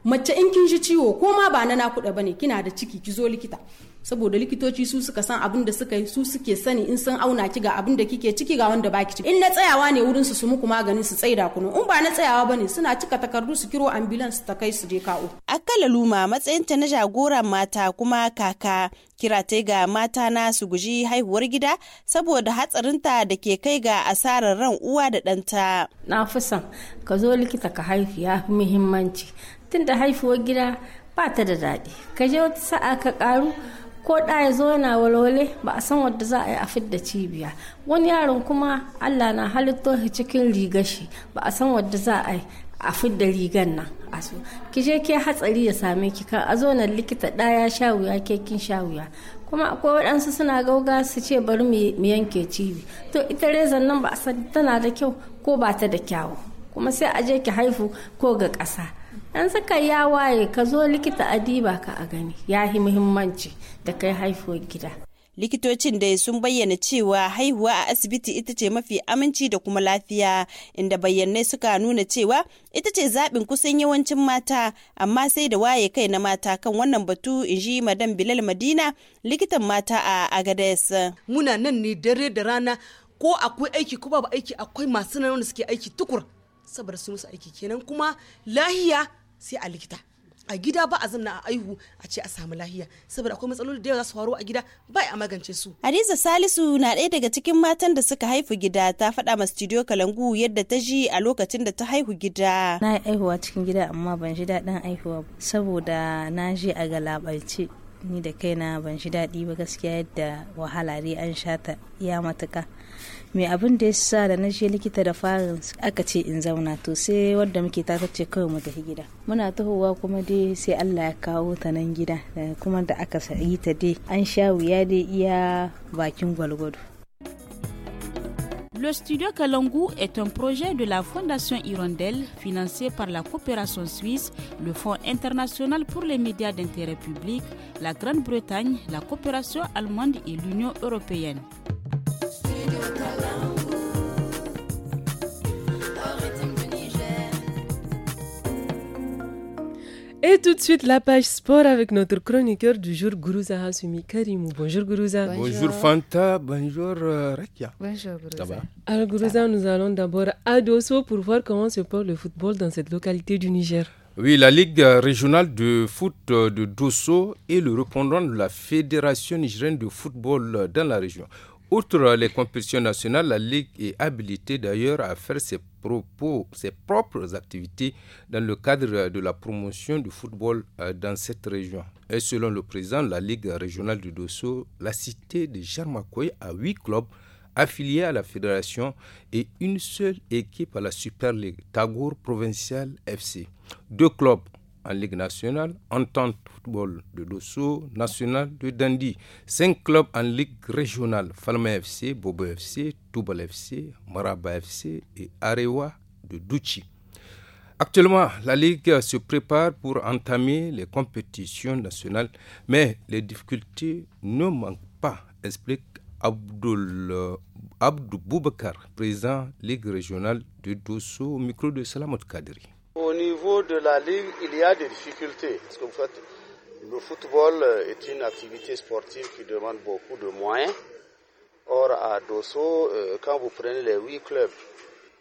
mace in kin ji ciwo ko ma ba na nakuda bane kina da ciki ki zo likita saboda likitoci su suka san abin da suka yi su suke sani in san auna ki ga abin da kike ciki ga wanda baki ciki in na tsayawa ne wurin su su muku maganin su tsaida kunu in ba na tsayawa bane suna cika takardu su kiro ambulance ta kai su je kawo akala luma matsayinta na jagoran mata kuma kaka kira ta ga mata na su guji haihuwar gida saboda hatsarinta da ke kai ga asarar ran uwa da ɗanta na fi ka zo likita ka haifi ya fi muhimmanci da haifuwar gida ba ta da daɗi ka je wata sa'a ka ƙaru ko ɗa ya zo yana walwale ba a san wadda za a yi a fidda cibiya wani yaron kuma allah na halitto shi cikin rigashi ba a san wadda za a yi a fidda rigan nan a so ki je ke hatsari ya same ki kan a na likita ɗaya sha wuya ke kin sha wuya kuma akwai waɗansu suna gauga su ce bari mu yanke cibi to ita rezan nan ba a san tana da kyau ko ba ta da kyawu kuma sai a je ki haifu ko ga ƙasa yan saka ya waye ka zo likita adiba ka a gani ya yi muhimmanci da kai haifuwar gida likitocin dai sun bayyana cewa haihuwa a asibiti ita ce mafi aminci da kuma lafiya inda bayyanai suka nuna cewa ita ce zaɓin kusan yawancin mata amma sai da waye kai na mata kan wannan batu in ji madan bilal madina likitan mata a agades muna nan ne dare da rana ko akwai aiki ko babu aiki akwai masu nan wanda suke aiki tukur saboda su musu aiki kenan kuma lahiya sai a likita a gida ba a zanna a aihu a ce a samu lahiya saboda akwai matsaloli da yawa za su faru a gida ba a magance su. Hadiza Salisu na ɗaya daga cikin matan da suka haifu gida ta faɗa ma studio Kalangu yadda ta ji a lokacin da ta haihu gida. Na yi aihuwa cikin gida amma ban ji daɗin aihuwa saboda na ji a galabalce. Ni da kaina ban ji daɗi ba gaskiya yadda wahala dai an sha ta iya matuka. mai abin da ya sa da na je likita da farin aka ce in zauna to sai wadda muke ta ce kawai mu tafi gida muna tahowa kuma dai sai Allah ya kawo ta nan gida kuma da aka yi ta dai an sha wuya dai iya bakin gwalgwado Le studio Kalangu est un projet de la Fondation Hirondelle financé par la coopération suisse, le Fonds international pour les médias d'intérêt public, la Grande-Bretagne, la coopération allemande et l'Union européenne. Et tout de suite, la page sport avec notre chroniqueur du jour, Guruza Hasumi Karimou. Bonjour Guruza. Bonjour. Fanta, bonjour euh, Rekia. Bonjour Guruza. Alors Guruza, nous allons d'abord à Dosso pour voir comment se porte le football dans cette localité du Niger. Oui, la Ligue régionale de foot euh, de Dosso est le répondant de la Fédération nigérienne de football euh, dans la région. Outre les compétitions nationales, la Ligue est habilitée d'ailleurs à faire ses, propres activités dans le cadre de la promotion du football euh, dans cette région. Et selon le président de la Ligue régionale du Dosso, la cité de Jarmakoy a huit clubs affiliés à la fédération et une seule équipe à la Super League, Tagour Provincial FC. Deux clubs en Ligue nationale, Entente Football de Dosso, National de Dandi. Cinq clubs en Ligue régionale Falma FC, Bobo FC, Toubal FC, Maraba FC et Arewa de Douchi. Actuellement, la Ligue se prépare pour entamer les compétitions nationales, mais les difficultés ne manquent pas, explique Abdul, Abdou Boubakar, président Ligue régionale de Dosso, au micro de Salamot Kadri. Au niveau de la Ligue, il y a des difficultés. Parce que vous faites, le football euh, est une activité sportive qui demande beaucoup de moyens. Or, à Dosso, euh, quand vous prenez les huit clubs,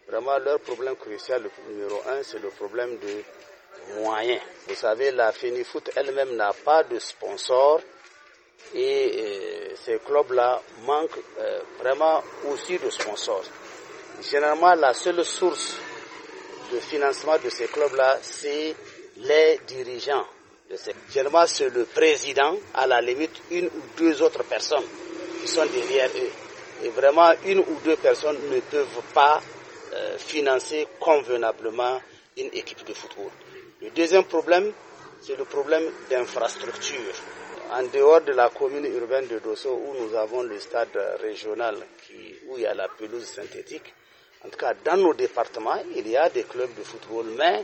vraiment leur problème crucial, le numéro un, c'est le problème de moyens. Vous savez, la FENIFOOT elle-même n'a pas de sponsors et euh, ces clubs-là manquent vraiment aussi de sponsors. Généralement, la seule source le financement de ces clubs-là, c'est les dirigeants. De ces... Généralement, c'est le président, à la limite, une ou deux autres personnes qui sont derrière eux. Et vraiment, une ou deux personnes ne peuvent pas euh, financer convenablement une équipe de football. Le deuxième problème, c'est le problème d'infrastructure. En dehors de la commune urbaine de Dosso, où nous avons le stade euh, régional qui, où il y a la pelouse synthétique, en tout cas, dans nos départements, il y a des clubs de football, mais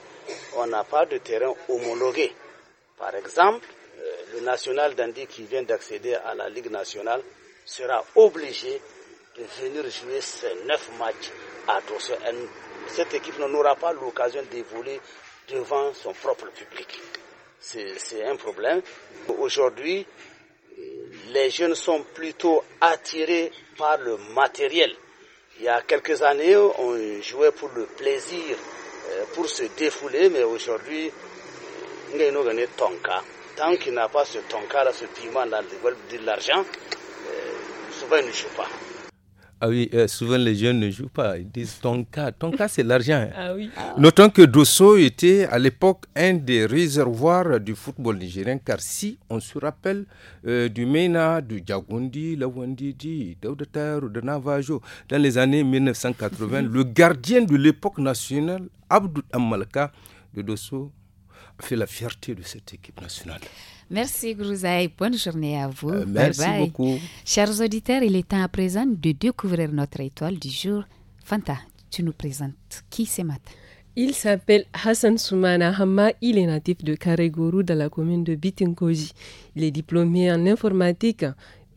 on n'a pas de terrain homologué. Par exemple, euh, le national d'Andy qui vient d'accéder à la Ligue nationale sera obligé de venir jouer ses neuf matchs à Dosso. Cette équipe n'aura pas l'occasion d'évoluer devant son propre public. C'est un problème. Aujourd'hui, euh, les jeunes sont plutôt attirés par le matériel il y a quelques années, on jouait pour le plaisir, euh, pour se défouler, mais aujourd'hui, avons euh, gagne tonka. Tant qu'il n'a pas ce tonka, ce piment, là, de l'argent, euh, souvent il ne joue pas. Ah oui, euh, souvent les jeunes ne jouent pas. Ils disent Tonka. Tonka, c'est l'argent. Hein. Ah ah. Notons que Dosso était à l'époque un des réservoirs du football nigérien, car si on se rappelle euh, du MENA, du Djagondi, Lawandidi, ou de Navajo, dans les années 1980, le gardien de l'époque nationale, Abdou Amalka de Dosso, a fait la fierté de cette équipe nationale. Merci Grouzaï, bonne journée à vous. Euh, merci beaucoup. Chers auditeurs, il est temps à présent de découvrir notre étoile du jour. Fanta, tu nous présentes qui ce matin il s'appelle Hassan Soumana Hamma. Il est natif de Karegourou dans la commune de Bitinkoji. Il est diplômé en informatique.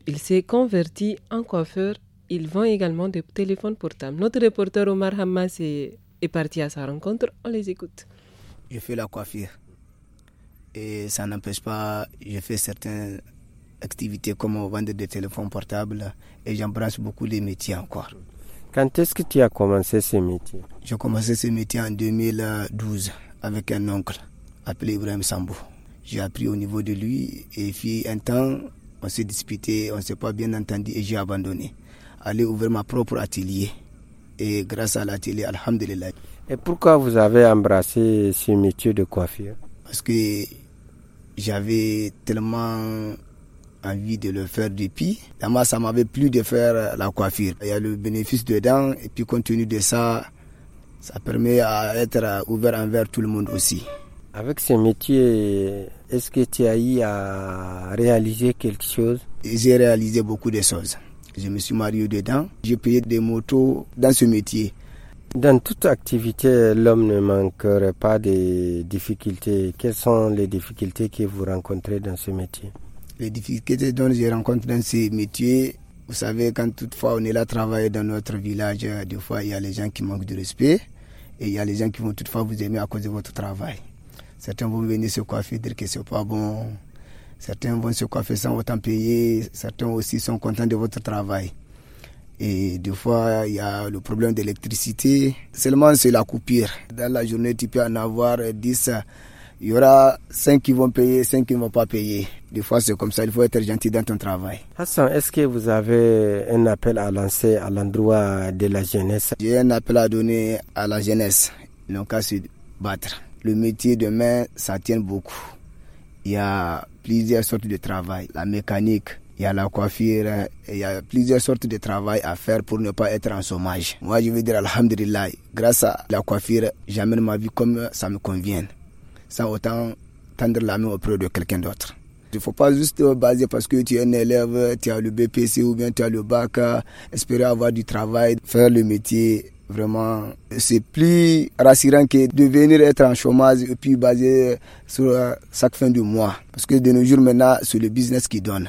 Il s'est converti en coiffeur. Il vend également des téléphones portables. Notre reporter Omar Hamma est, est parti à sa rencontre. On les écoute. Je fais la coiffure. Et ça n'empêche pas, je fais certaines activités comme vendre des téléphones portables et j'embrasse beaucoup les métiers encore. Quand est-ce que tu as commencé ce métier J'ai commencé ce métier en 2012 avec un oncle appelé Ibrahim Sambou. J'ai appris au niveau de lui et puis un temps, on s'est disputé, on ne s'est pas bien entendu et j'ai abandonné. Aller ouvrir ma propre atelier. Et grâce à l'atelier, Alhamdulillah. Et pourquoi vous avez embrassé ce métier de coiffure Parce que j'avais tellement envie de le faire depuis. D'abord, ça m'avait plus de faire la coiffure. Il y a le bénéfice dedans et puis compte tenu de ça, ça permet à être ouvert envers tout le monde aussi. Avec ce métier, est-ce que tu as eu à réaliser quelque chose J'ai réalisé beaucoup de choses. Je me suis marié dedans. J'ai payé des motos dans ce métier. Dans toute activité, l'homme ne manquerait pas de difficultés. Quelles sont les difficultés que vous rencontrez dans ce métier Les difficultés dont je rencontre dans ce métier, vous savez, quand toutefois on est là travailler dans notre village, euh, des fois il y a les gens qui manquent de respect et il y a les gens qui vont toutefois vous aimer à cause de votre travail. Certains vont venir se coiffer, dire que c'est pas bon. Certains vont se coiffer sans autant payer. Certains aussi sont contents de votre travail. Et des fois, il y a le problème d'électricité. Seulement, c'est la coupure. Dans la journée, tu peux en avoir 10. Il y aura 5 qui vont payer, 5 qui ne vont pas payer. Des fois, c'est comme ça. Il faut être gentil dans ton travail. Hassan, est-ce que vous avez un appel à lancer à l'endroit de la jeunesse J'ai un appel à donner à la jeunesse. Ils n'ont qu'à se battre. Le métier demain, ça tient beaucoup. Il y a plusieurs sortes de travail. La mécanique, il y a la coiffure, il y a plusieurs sortes de travail à faire pour ne pas être en chômage. Moi, je veux dire Alhamdulillah, grâce à la coiffure, j'amène ma vie comme ça me convient, sans autant tendre la main auprès de quelqu'un d'autre. Il ne faut pas juste baser parce que tu es un élève, tu as le BPC ou bien tu as le bac, espérer avoir du travail, faire le métier. Vraiment, c'est plus rassurant que de venir être en chômage et puis baser sur euh, chaque fin du mois. Parce que de nos jours maintenant, c'est le business qui donne.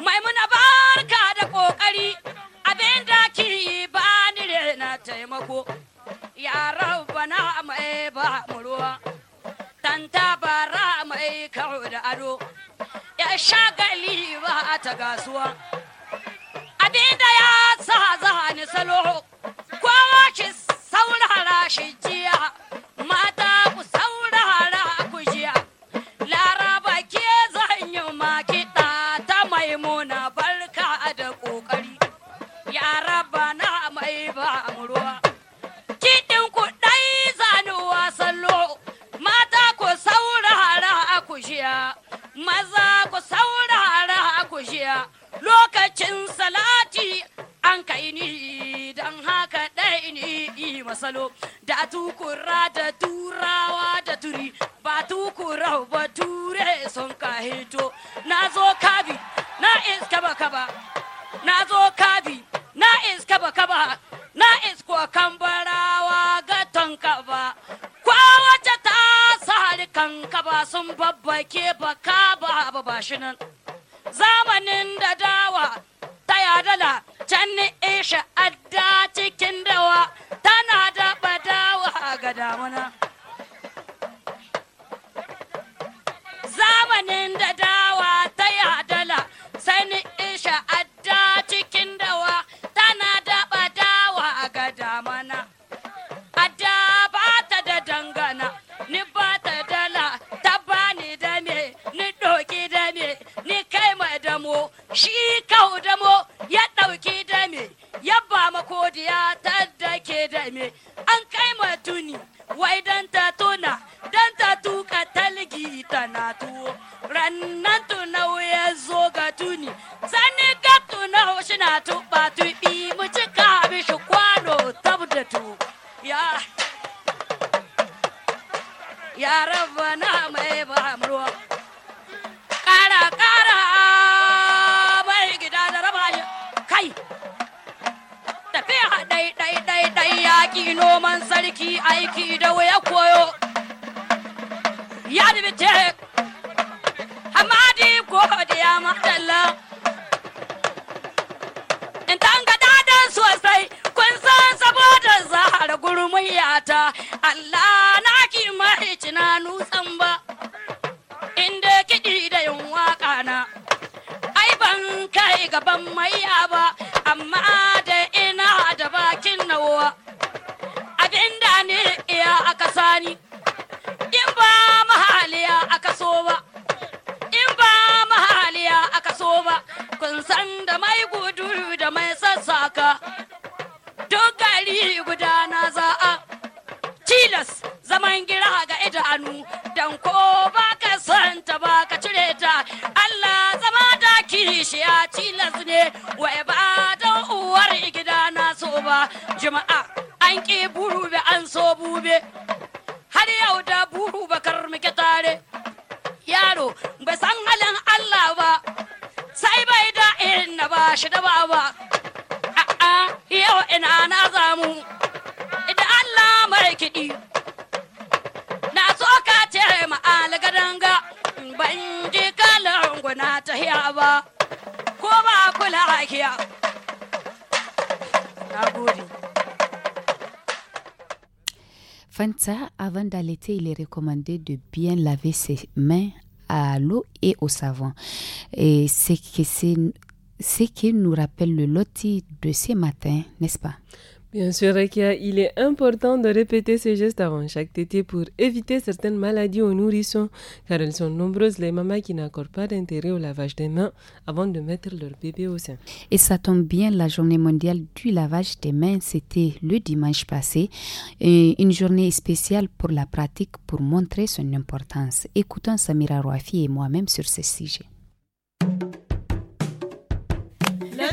maimuna barka da kokari abinda da ki ba ni na taimako ya mai ba muruwa tanta bara mai kawo da ado ya shagali ba ta gasuwa abin ya sa za ni salo kowa ki saurara shi jiya mata ku saurara ku jiya laraba ke zan yi maki shiya maza ku saurara ku jiya lokacin salati an kai ni don haka ɗai ni masalo da tukura da turawa da turi ba tukura ba ture sun ka hito na zo kabi na iska ba kaba na zo kabi na iska ba kaba na isko kambarawa ba kwa wata kan kaba sun babbake baka ba ba ba shi nan zamanin da dawa ta yadala can isha adda cikin dawa tana da badawa ga damuna zamanin da dawa damo ya ɗauki ba yabba makodiya ta dake me an kai tuni wai dan ta tona dan ta tuka talgi tana tuwo nan tuna ya zo ga tuni sani ga tuna shi na tu. sarki aiki da wuya koyo ya dubite hamadi ko da ya matala in ga dadan sosai kun san saboda zahar gurmiyata Allah na ki mahici na nutsan ba inda kiɗi da yin waƙa na ai ban kai gaban maiya ba amma kun san da mai gudu da mai sassaka duk gari guda na za a tilas zaman gira ga idanu dan ko ba ka santa ba ka cire ta Allah zama da kishiya tilas ne wa ba don uwar gida na so ba jima'a an ki be an so bube har yau da buru bakar muke tare yaro bai san halin Allah ba sai bai da irin na ba shi da baba a'a ah, ah, yau ina na zamu idan Allah mai kiɗi na so ka cire ma algadanga ban ji kalar guna ta hiya ba ko ba kula rakiya na Fanta, avant d'allaiter, il est recommandé de bien laver ses mains à l'eau et au savon. Et c'est c'est ce qui nous rappelle le loti de ce matin, n'est-ce pas Bien sûr, Rekia, il est important de répéter ces gestes avant chaque tétée pour éviter certaines maladies aux nourrissons, car elles sont nombreuses les mamans qui n'accordent pas d'intérêt au lavage des mains avant de mettre leur bébé au sein. Et ça tombe bien, la journée mondiale du lavage des mains, c'était le dimanche passé, et une journée spéciale pour la pratique pour montrer son importance. Écoutons Samira Rouafi et moi-même sur ce sujet.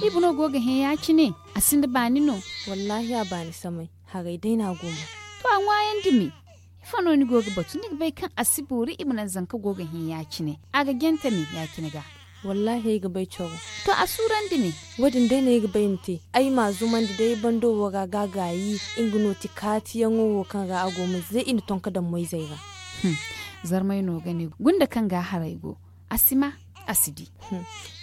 ibuno goga he ya ci ne a sinda ni no wallahi a ni samai harai dai na goma to an wayan dimi fano ni goga batu ni bai kan asiburi ibnan zanka goga he ya ci ne ga genta ne ya kiniga wallahi ga bai coro to a suran dimi. wadin dai ne ga bai ai ma zuman da dai bando waga gagayi ingino tikati yan wo kan ga goma zai in tonka da mai zai ga hmm. zarmai no gani gunda kan ga go asima asidi hmm.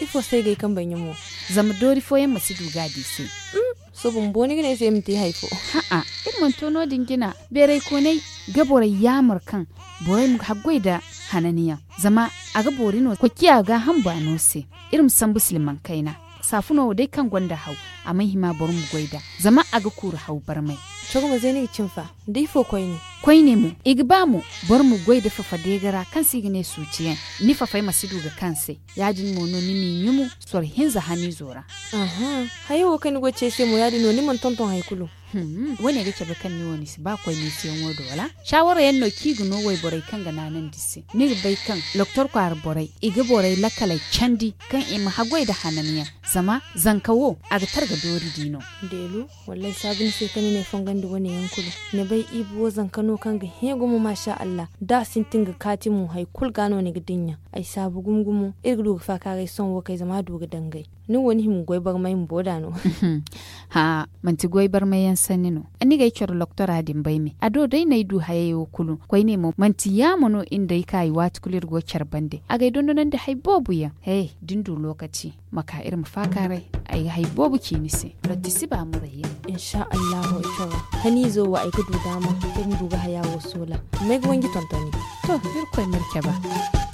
ifo sai gai kan banyi mu zama dori fo yamma si duga di sai mm, so bun boni gina sai mti haifo ha'a in mun tono dingina berai ko gabore yamar kan borai mu haggoi da hananiya zama a gabori no kwakiya ga ba no se irin san musliman kaina safuno dai kan gwanda hau a mahima bor mu zama a ga kura hau bar mai chogo zeni chimfa difo koyni koyne mu igba mu bor mu goy da fafa gara kan su suciyen ni fafa yi sidu ga kanse yadin mu no ni min mu sor za hani zora aha hayo kan go ce se mu ya no ni man tonton haikulu Hmm. wani ce da kan wani si ba kwai nisi yan wado wala shawara yan noki gino wai borai kan ga nanan disi ni bai kan loktor kwar borai Igi borai lakala chandi. kan ima hagwai da hananiya zama zankawo a ga targa dori dino delu wallahi sabin sai kan ne fongan da wani yankuli ne bai ibu zan kano kan ga hegumu masha Allah da sin tinga katimu hay kul gano ne ga dinya ai sabu gumgumu ga fa kare son wakai zama doga dangai ni wani himin gwaibar mai mai boda no ha man ti mai yan sanni no ani ga chor loktora din bai mi ado dai nay du haye wo kulu Kwai ne mo man ya mono inda yi kai wat kulir go char bande ga don nan da hay bobu ya hey dindu lokaci maka irin fakare ai hay bobu ki Lati si ba mu raye insha Allah wa ikara hani zo wa ai kudu dama dindu ga haya wo sola mai gwangi tontoni to bir kwai mirke ba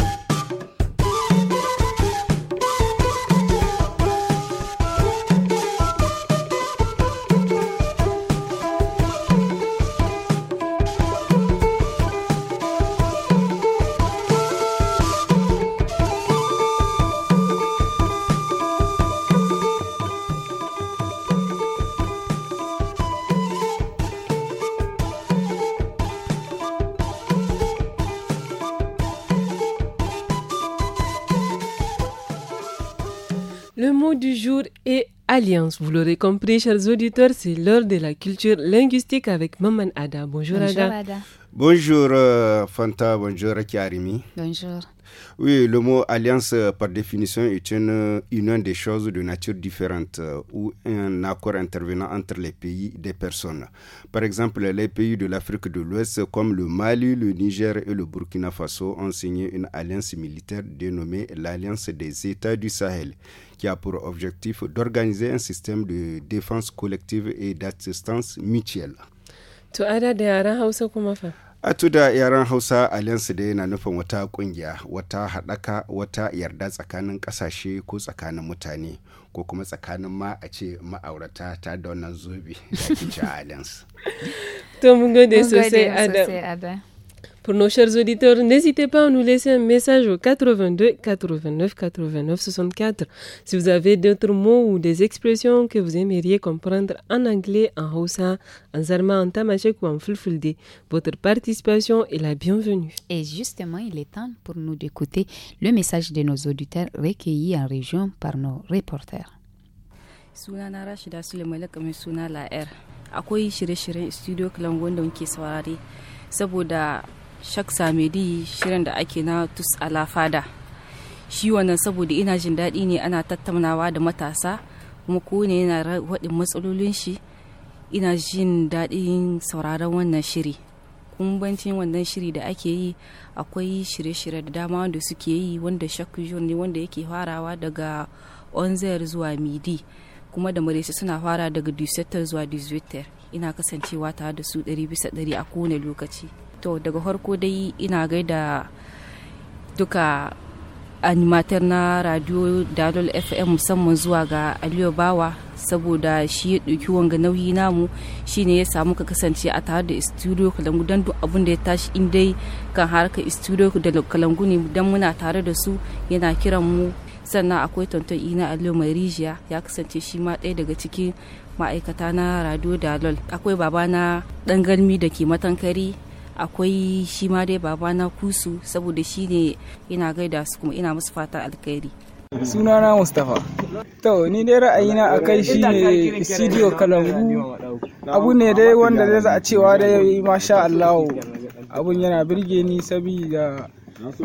du jour est Alliance. Vous l'aurez compris, chers auditeurs, c'est l'heure de la culture linguistique avec Maman Ada. Bonjour, Ada. Bonjour euh, Fanta, bonjour Kiarimi. Bonjour. Oui, le mot alliance, euh, par définition, est une union des choses de nature différente euh, ou un accord intervenant entre les pays des personnes. Par exemple, les pays de l'Afrique de l'Ouest, comme le Mali, le Niger et le Burkina Faso, ont signé une alliance militaire dénommée l'Alliance des États du Sahel qui a pour objectif d'organiser un système de défense collective et d'assistance mutuelle. To ada da yaran Hausa kuma fa? A tuda da yaran Hausa Alliance dai na nufin wata kungiya, wata haɗaka, wata yarda tsakanin ƙasashe ko tsakanin mutane ko kuma tsakanin ma a ce ma'aurata ta da wannan zobe da ake Alliance. To mun gode sosai Adam. Pour nos chers auditeurs, n'hésitez pas à nous laisser un message au 82 89 89 64 si vous avez d'autres mots ou des expressions que vous aimeriez comprendre en anglais, en Hausa, en zarma, en tamashek ou en fulfulde. Votre participation est la bienvenue. Et justement, il est temps pour nous d'écouter le message de nos auditeurs recueillis en région par nos reporters. studio shak samedi shirin da ake na tus alafada shi wannan saboda ina jin daɗi ne ana tattaunawa da matasa kuma ko ne yana waɗin matsalolin shi ina jin daɗin sauraron wannan shiri kumbancin wannan shiri da ake yi akwai shirye-shirye da dama wanda suke yi wanda shakujon ne wanda yake farawa daga onzer zuwa midi kuma da marisa suna fara daga 17 zuwa 18 ina kasancewa tare da su ɗari bisa ɗari a kowane lokaci to daga farko dai ina gaida duka animatar na radio dalol fm musamman zuwa ga aliyu bawa saboda shi ya ɗauki wanga nauyi namu shine ya samu ka kasance a tare da studio kalangu don duk abin da ya tashi in dai kan harka studio da kalangu ne don muna tare da su yana kiran mu sannan akwai tonton ina aliyu mai rijiya ya kasance shi ma ɗaya daga cikin ma'aikata na radio dalol akwai babana ɗan galmi da ke matankari akwai shi ma dai babana kusu saboda shi ne ina gaida su kuma ina musu fata alkhairi sunana mustapha to ni dai na a kai shi ne studio kalangu abu ne dai wanda zai za a cewa dai masha allahu abun yana birge ni saboda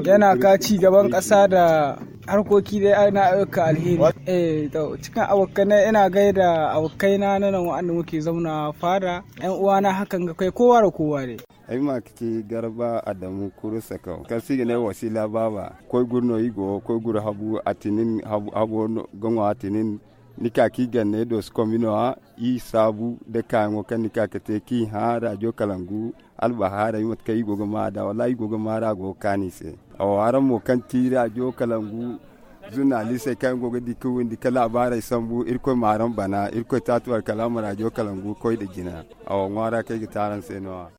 yana ka ci gaban ƙasa da harkoki dai ana ayyuka alheri eh to cikin abokanai ina gaida abokaina na nan wa'anda muke zauna fara yan uwana hakan ga kai kowa da kowa ne ai ma kiti garba adamu kuru sakau kan sigi ne wasila baba koi gurno igo koi gur habu atinin habu habu gongo atinin nika ki ganne dos komino ha i sabu de kango kan nika kete ki ha radio kalangu al albahara yi matka igo gama da wala igo gama ra go kanise awaran mo kan ti radio kalangu journaliste kan gogo di kuwin di kala bara sambu irko maran bana irko tatuwar kalamar radio kalangu koi de jina o ngara kai gitaran se no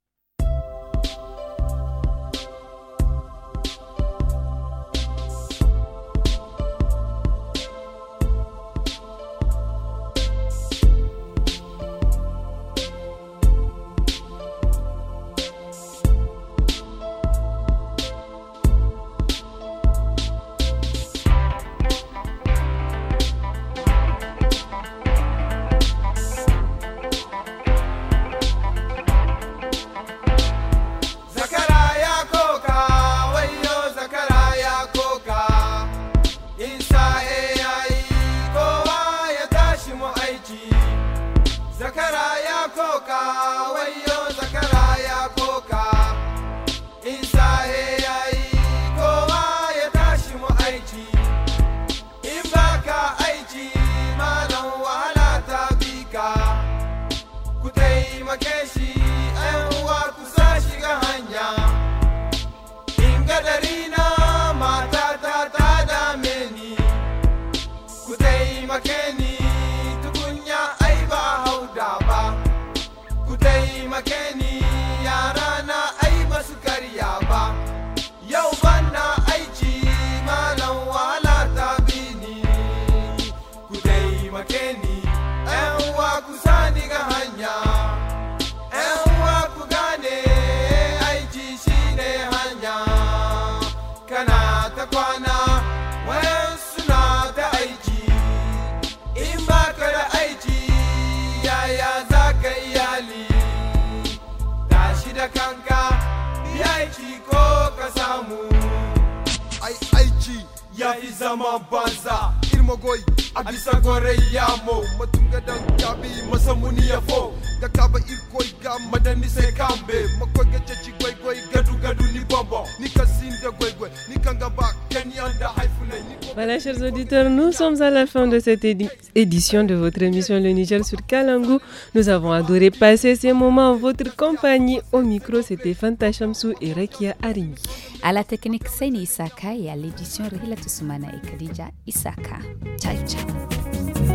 banza irmogoi a bisa gwarai yamo matunga dan kabi masamuni muniyafo ga kaba irkoi ga madani se kambe makwai gace ci gwaigwai gadu Voilà, chers auditeurs, nous sommes à la fin de cette édition de votre émission Le Niger sur Kalangou. Nous avons adoré passer ces moments en votre compagnie. Au micro, c'était Fanta Chamsou et Rekia Arimi. À la technique, Seine Isaka et à l'édition, Rila Toussoumana et Khadija Isaka. Ciao, ciao.